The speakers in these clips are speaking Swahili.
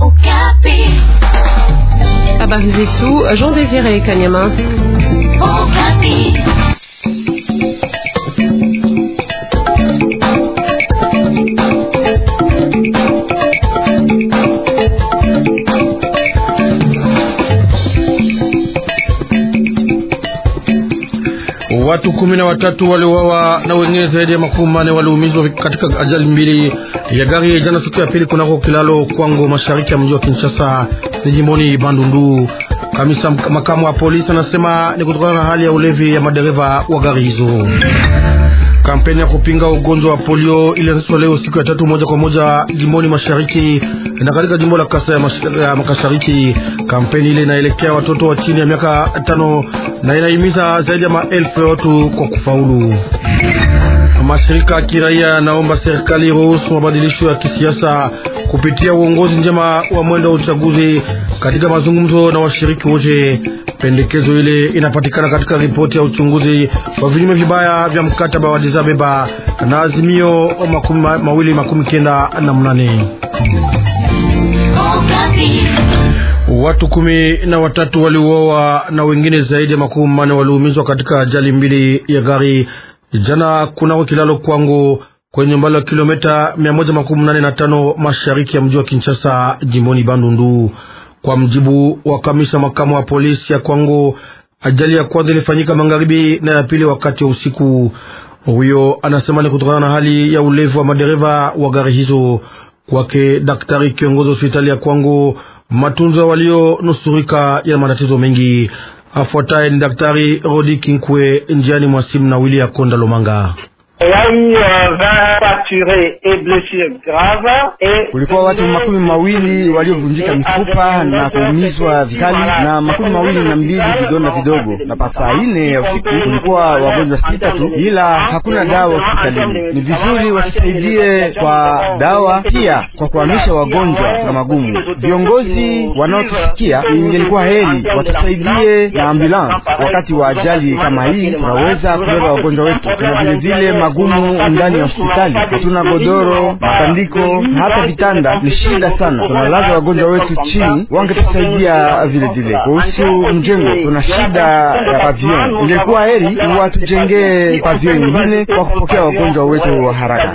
Oh tout. Jean Désiré Kanyama. Watu kumi na watatu waliuawa na wengine zaidi ya makumi manne waliumizwa katika ajali mbili ya gari jana siku ya pili kunako kilalo Kwango, mashariki ya mji wa Kinshasa ni jimboni Bandundu. Kamisa makamu wa polisi anasema ni kutokana na hali ya ulevi ya madereva wa gari hizo. Kampeni ya kupinga ugonjwa wa polio ilianzishwa leo siku ya tatu moja kwa moja jimboni mashariki na katika jimbo la Kasa ya Mashariki. Kampeni ile inaelekea watoto wa chini ya miaka tano na inahimiza zaidi ya maelfu ya watu kwa kufaulu. Mashirika ya kiraia yanaomba serikali ruhusu mabadilisho ya kisiasa kupitia uongozi njema wa mwendo wa uchaguzi katika mazungumzo na washiriki wote. Pendekezo ile inapatikana katika ripoti ya uchunguzi wa vinyume vibaya vya mkataba wa Addis Ababa na azimio makumi mawili makumi kenda na mnane. Watu kumi na watatu waliuawa na wengine zaidi ya makumi manne waliumizwa katika ajali mbili ya gari Jana kunako kilalo kwangu kwenye umbali wa kilomita 185 mashariki ya mji wa Kinshasa, jimboni Bandundu. Kwa mjibu wa kamisa makamu wa polisi ya Kwango, ajali ya kwanza ilifanyika magharibi na ya pili wakati wa usiku. Huyo anasema ni kutokana na hali ya ulevu wa madereva wa gari hizo. Kwake daktari kiongozi hospitali ya Kwango, matunzo walio nusurika yana matatizo mengi. Afuataye ni Daktari Rodi Kinkwe njiani mwa simu na wili ya Konda Lomanga. Euh, kulikuwa watu makumi mawili waliovunjika mifupa na kuumizwa vikali na makumi mawili na mbili vidonda vidogo, na pa saa ine ya usiku kulikuwa wagonjwa sita tu, ila hakuna dawa hospitalini. Ni vizuri watusaidie kwa dawa, pia kwa kuhamisha wagonjwa na magumu. Viongozi wanaotusikia, ingelikuwa heri watusaidie na ambulansi wakati wa ajali kama hii, tunaweza kubeba wagonjwa wetu na vilevile magumu ndani ya hospitali, hatuna godoro, matandiko, hata vitanda. Ni shida sana, tunalaza wagonjwa wetu chini, wangetusaidia vile vile. Kuhusu mjengo, tuna shida ya pavion. Ingekuwa heri watujengee pavion ingine kwa kupokea wagonjwa wetu wa haraka.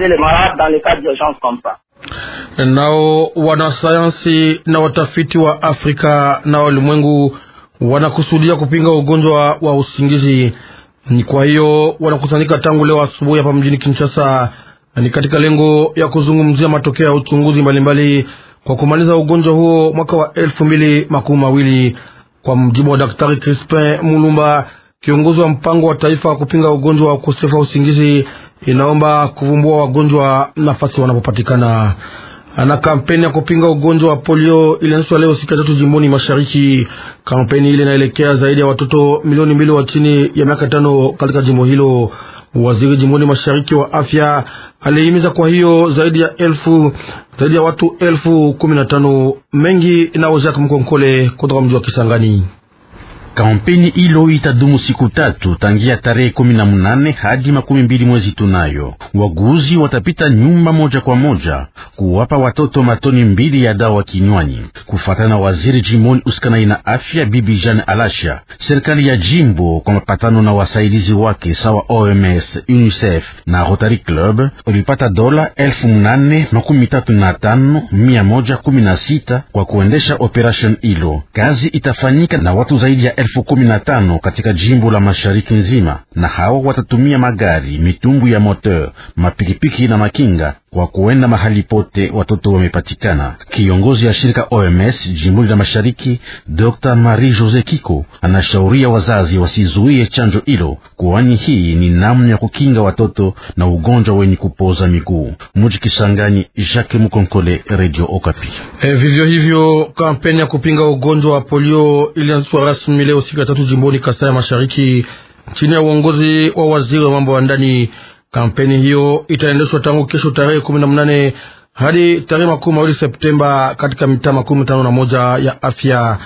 Nao wanasayansi na watafiti wa Afrika na ulimwengu wanakusudia kupinga ugonjwa wa usingizi. Ni kwa hiyo wanakusanyika tangu leo asubuhi hapa mjini Kinshasa, ni katika lengo ya kuzungumzia matokeo ya uchunguzi mbalimbali mbali kwa kumaliza ugonjwa huo mwaka wa elfu mbili makumi mawili. Kwa mjibu wa Daktari Crispin Mulumba, kiongozi wa mpango wa taifa wa kupinga ugonjwa wa ukosefu wa usingizi, inaomba kuvumbua wagonjwa nafasi wanapopatikana na kampeni ya kupinga ugonjwa wa polio ilianzishwa leo siku ya tatu jimboni mashariki. Kampeni ile inaelekea zaidi ya watoto milioni mbili wa chini ya miaka tano katika jimbo hilo. Waziri jimboni mashariki wa afya alihimiza kwa hiyo zaidi ya elfu zaidi ya watu elfu kumi na tano mengi nao Jacques Mkonkole kutoka mji wa Kisangani. Kampeni ilo itadumu siku tatu tangia tarehe kumi na munane hadi makumi mbili mwezi tunayo. Waguzi watapita nyumba moja kwa moja kuwapa watoto matoni mbili ya dawa kinywani. Kufatana na waziri jimoni uskanai na afya Bibi Jean Alasha, serikali ya jimbo kwa mapatano na wasaidizi wake sawa OMS, UNICEF na Rotary Club ulipata dola elfu munane makumi tatu na tano mia moja kumi na sita kwa kuendesha operation ilo. Kazi itafanyika na watu zaidi ya elfu kumi na tano katika jimbo la mashariki nzima, na hao watatumia magari, mitumbu ya moteur, mapikipiki na makinga kwa kuenda mahali pote watoto wamepatikana. Kiongozi ya shirika OMS jimboni la mashariki Dr. Marie Jose Kiko anashauria wazazi wasizuie chanjo hilo, kwani hii ni namna ya kukinga watoto na ugonjwa wenye kupoza miguu. Muji Kisangani, Jacques Mukonkole, Radio Okapi. Hey, vivyo hivyo kampeni ya kupinga ugonjwa wa polio ilianzishwa rasmi leo siku ya tatu jimboni Kasai ya Mashariki chini ya uongozi wa waziri wa mambo ya ndani Kampeni hiyo itaendeshwa tangu kesho tarehe 18 hadi tarehe makumi mawili Septemba katika mitaa makumi tano na moja ya afya,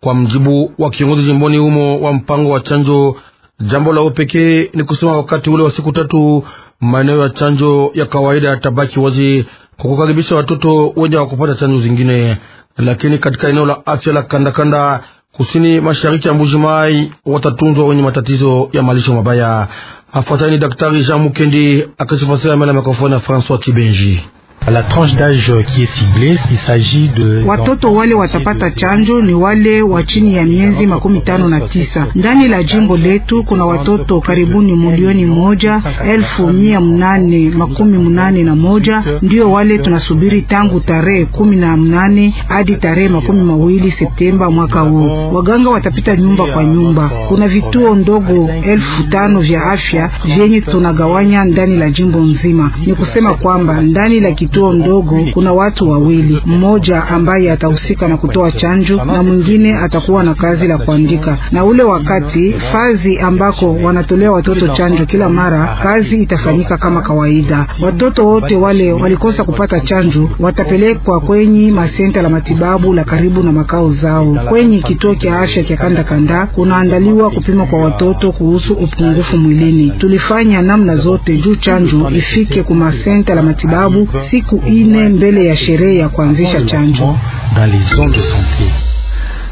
kwa mjibu wa kiongozi jimboni humo wa mpango wa chanjo. Jambo la upekee ni kusema wakati ule wa siku tatu maeneo ya chanjo ya kawaida yatabaki wazi kwa kukaribisha watoto wenye wa kupata chanjo zingine, lakini katika eneo la afya la kandakanda kusini mashariki ya Mbujimai watatunzwa wenye matatizo ya malisho mabaya. Afuatani Daktari Jean Mukendi akisifasiria mbele ya mikrofoni ya François Kibenji. La tranche d'âge qui est ciblée, il s'agit de watoto wale watapata chanjo ni wale wa chini ya miezi makumi tano na tisa. Ndani la jimbo letu kuna watoto karibuni milioni moja elfu mia mnane makumi mnane na moja ndio wale tunasubiri tangu tarehe kumi na mnane hadi tarehe makumi mawili Septemba mwaka huu. Waganga watapita nyumba kwa nyumba. Kuna vituo ndogo elfu tano vya afya vyenye tunagawanya ndani la jimbo nzima. Ni kusema kwamba ndani la kituo ndogo kuna watu wawili, mmoja ambaye atahusika na kutoa chanjo na mwingine atakuwa na kazi la kuandika. Na ule wakati fazi ambako wanatolea watoto chanjo kila mara, kazi itafanyika kama kawaida. Watoto wote wale walikosa kupata chanjo watapelekwa kwenye masenta la matibabu la karibu na makao zao. Kwenye kituo kya afya kya kanda kanda kunaandaliwa kupima kwa watoto kuhusu upungufu mwilini. Tulifanya namna zote juu chanjo ifike kumasenta la matibabu si siku ine mbele ya sherehe ya kuanzisha chanjo.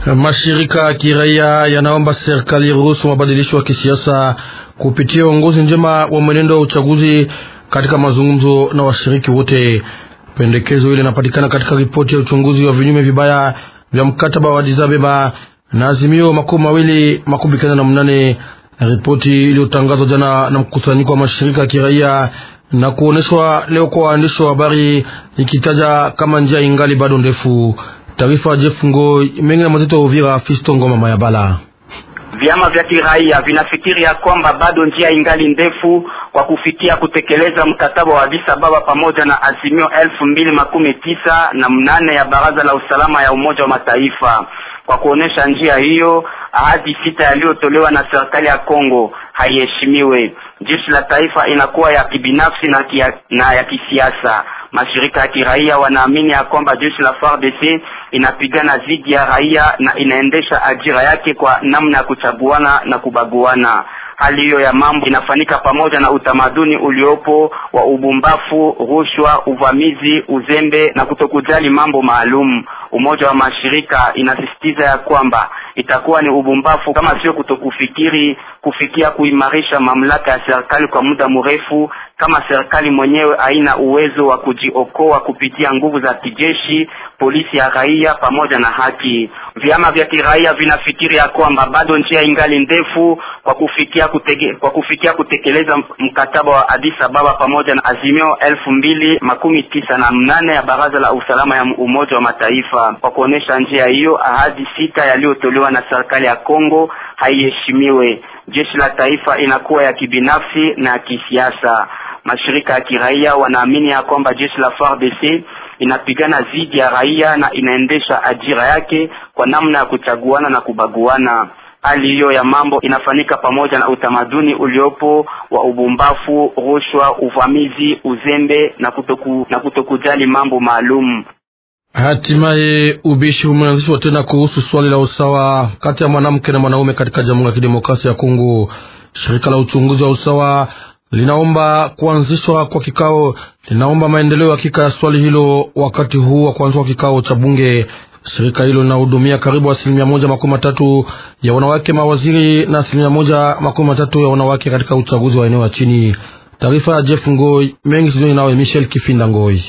Euh, mashirika ya kiraia yanaomba serikali ruhusu mabadilisho ya kisiasa kupitia uongozi njema wa mwenendo wa uchaguzi katika mazungumzo na washiriki wote. Pendekezo hili linapatikana katika ripoti ya uchunguzi wa vinyume vibaya vya mkataba wa Addis Ababa na azimio makumi mawili makumi kenda na mnane, ripoti iliyotangazwa jana na mkusanyiko wa mashirika ya kiraia na kuoneshwa leo kwa waandishi wa habari, ikitaja kama njia ingali bado ndefu. Taarifa Jeff Ngoi mengi na ya Uvira, Fisto Ngoma Mayabala. Vyama vya kiraia vinafikiri kwamba bado njia ingali ndefu kwa kufikia kutekeleza mkataba wa Addis Ababa pamoja na azimio elfu mbili makumi tisa na mnane ya Baraza la Usalama ya Umoja wa Mataifa. Kwa kuonesha njia hiyo, ahadi sita yaliyotolewa na serikali ya Kongo haiheshimiwe jeshi la taifa inakuwa ya kibinafsi na, kia, na ya kisiasa. Mashirika ya kiraia wanaamini ya kwamba jeshi la FARDC inapigana dhidi ya raia na inaendesha ajira yake kwa namna ya kuchaguana na kubaguana. Hali hiyo ya mambo inafanyika pamoja na utamaduni uliopo wa ubumbafu, rushwa, uvamizi, uzembe na kutokujali mambo maalum. Umoja wa Mashirika inasisitiza ya kwamba itakuwa ni ubumbafu kama sio kutokufikiri kufikia kuimarisha mamlaka ya serikali kwa muda mrefu kama serikali mwenyewe haina uwezo wa kujiokoa kupitia nguvu za kijeshi, polisi ya raia pamoja na haki. Vyama vya kiraia vinafikiri ya kwamba bado njia ingali ndefu kwa kufikia kutege, kwa kufikia kutekeleza mkataba wa Addis Ababa pamoja na azimio elfu mbili makumi tisa na mnane ya Baraza la Usalama ya Umoja wa Mataifa kwa, kuonesha njia hiyo ahadi sita yaliyotolewa na serikali ya Kongo haiheshimiwe. Jeshi la taifa inakuwa ya kibinafsi na kisiasa. Mashirika ya kiraia wanaamini ya kwamba jeshi la FARDC inapigana dhidi ya raia na inaendesha ajira yake kwa namna ya kuchaguana na kubaguana. Hali hiyo ya mambo inafanyika pamoja na utamaduni uliopo wa ubumbafu, rushwa, uvamizi, uzembe na kutoku, na kutokujali mambo maalum. Hatimaye ubishi umeanzishwa tena kuhusu swali la usawa kati ya mwanamke na mwanaume katika Jamhuri ya Kidemokrasia ya Kongo. Shirika la uchunguzi wa usawa linaomba kuanzishwa kwa kikao, linaomba maendeleo hakika ya swali hilo wakati huu wa kuanzishwa kikao cha bunge. Shirika hilo linahudumia karibu asilimia moja makumi matatu ya wanawake mawaziri na asilimia moja makumi matatu ya wanawake katika uchaguzi wa eneo ya chini. Taarifa ya Jeff Ngoi mengi sizoni, nawe Michel Kifinda Ngoi.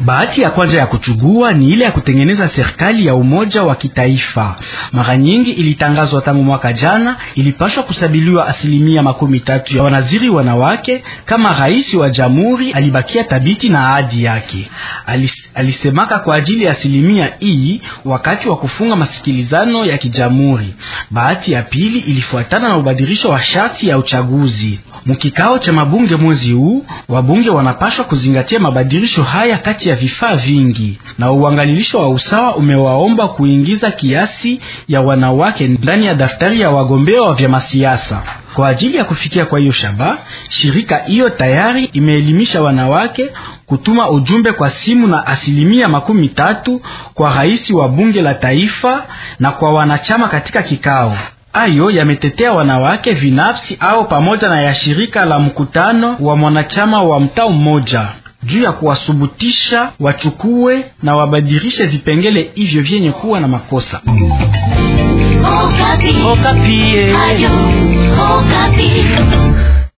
Bahati ya kwanza ya kuchugua ni ile ya kutengeneza serikali ya umoja wa kitaifa. Mara nyingi ilitangazwa tangu mwaka jana, ilipashwa kusabiliwa asilimia makumi tatu ya wanaziri wanawake. Kama rais wa jamhuri alibakia thabiti na ahadi yake, alis, alisemaka kwa ajili ya asilimia hii wakati wa kufunga masikilizano ya kijamhuri. Bahati ya pili ilifuatana na ubadilisho wa sharti ya uchaguzi. Mkikao cha mabunge mwezi huu, wabunge wanapashwa kuzingatia mabadilisho haya kati ya vifaa vingi, na uangalilisho wa usawa umewaomba kuingiza kiasi ya wanawake ndani ya daftari ya wagombea wa vyama siasa. Kwa ajili ya kufikia kwa hiyo shaba, shirika hiyo tayari imeelimisha wanawake kutuma ujumbe kwa simu na asilimia makumi tatu kwa rais wa bunge la taifa na kwa wanachama katika kikao ayo yametetea wanawake vinafsi au pamoja na ya la mkutano wa mwanachama wa mtaa mmoja juu ya kuwasubutisha wachukue na wabadilishe vipengele hivyo vyenye kuwa na makosa. Okapi. Okapi. Ayo. Okapi.